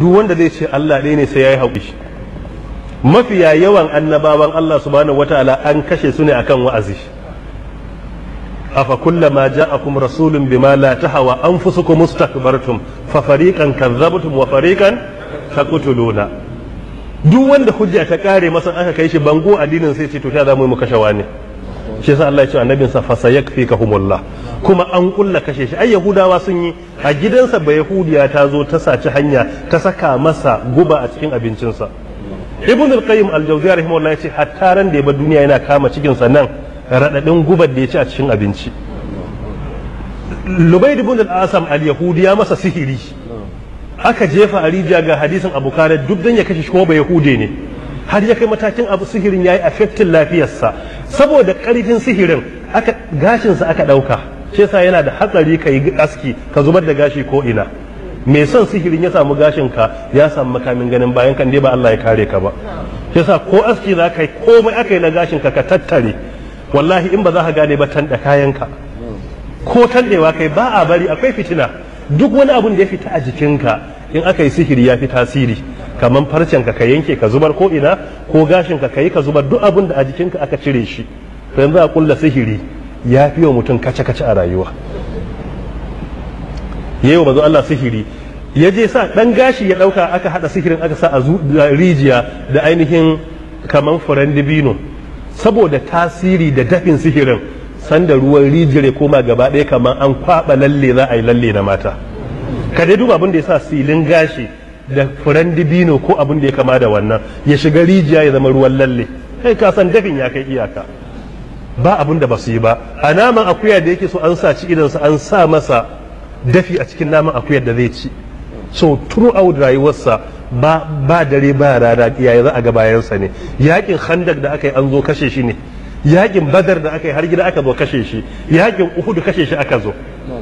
duk wanda zai ce Allah ɗaya ne sai ya yi haƙuri mafiya yawan annabawan Allah subhanahu wata'ala an kashe su ne akan wa'azi afa kullama ja'akum rasulun bima la tahawa anfusukum mustakbartum fa fariqan kadzabtum wa fariqan taqtuluna duk wanda hujja ta kare masa aka kai shi bango addinin sai ce to ta zamu mu kashe wani shi yasa Allah ya ce annabinsa fa sayakfikahumullah kuma an kulla kashe shi ai yahudawa sun yi a gidansa ba yahudiya ta zo ta saci hanya ta saka masa guba a cikin abincinsa ibn al-qayyim al-jawziyya rahimahullah yace hatta ran da ya bar duniya yana kama cikin sa nan radadin gubar da ya a cikin abinci lubaid ibn al-asam al-yahudi ya masa sihiri aka jefa a ga hadisin abu kare duk dan ya kashe shi kuma ba yahude ne har ya kai matakin abu sihirin yayi affectin lafiyarsa saboda karfin sihirin aka gashin sa aka ɗauka. shi yasa yana da hatsari ka yi aski ka zubar da gashi ko ina mai son sihirin ya samu gashin ka ya samu makamin ganin bayan kan dai ba Allah ya kare ka ba shi yasa ko aski za ka yi komai aka yi na gashin ka ka tattare wallahi in ba za ka gane ba tanda kayan ka ko tandewa kai ba a bari akwai fitina duk wani abun da ya fita a jikinka in aka yi sihiri ya fi tasiri kamar farcen ka ka yanke ka zubar ko ina ko gashin ka ka yi ka zubar duk abun da a jikinka aka cire shi yanzu a kulla sihiri ya fi wa mutum kace-kace a rayuwa ya yi wa Allah sihiri ya je sa ɗan gashi ya ɗauka aka haɗa sihirin aka sa a rijiya da ainihin kamar furen dibino saboda tasiri da dafin sihirin sanda ruwan rijiyar ya koma gaba ɗaya kamar an kwaɓa lalle za a yi lalle na mata ka dai duba abin da ya sa silin gashi da furen dibino ko abin da ya kama da wannan ya shiga rijiya ya zama ruwan lalle kai ka san dafin ya kai iyaka ba abun da ba su yi ba a naman akuya da yake so an sa ci idansa an sa masa dafi a cikin naman akuyar da zai ci so throughout rayuwarsa ba dare ba rana iyaye za a ga bayansa ne yakin handar da aka yi an zo kashe shi ne yakin badar da aka yi har gida aka zo kashe shi yakin uhud kashe shi aka zo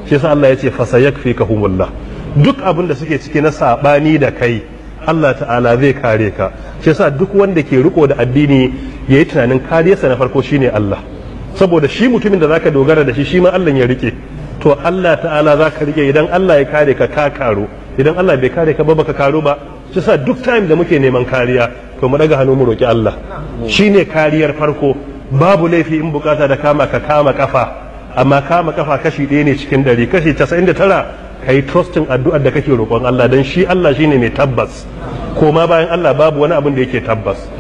shi yasa Allah ya ce fasayakfikahumullah duk abin da suke ciki na sabani da kai Allah ta'ala zai kare ka shi yasa duk wanda ke riko da addini yayi tunanin kariyarsa na farko shi ne Allah saboda shi mutumin da zaka dogara da shi shi ma Allah ya rike to Allah ta'ala zaka rike idan Allah ya kare ka ka karo idan Allah bai kare ka ba baka karo ba shi sa duk time da muke neman kariya to mu daga hannu mu roki Allah ne kariyar farko babu laifi in bukata da kama ka kama kafa amma kama kafa kashi ɗaya ne cikin dari kashi casa'in da tara ka trustin addu'ar da kake roƙon Allah Dan shi Allah shine mai tabbas koma bayan Allah babu wani abin da yake tabbas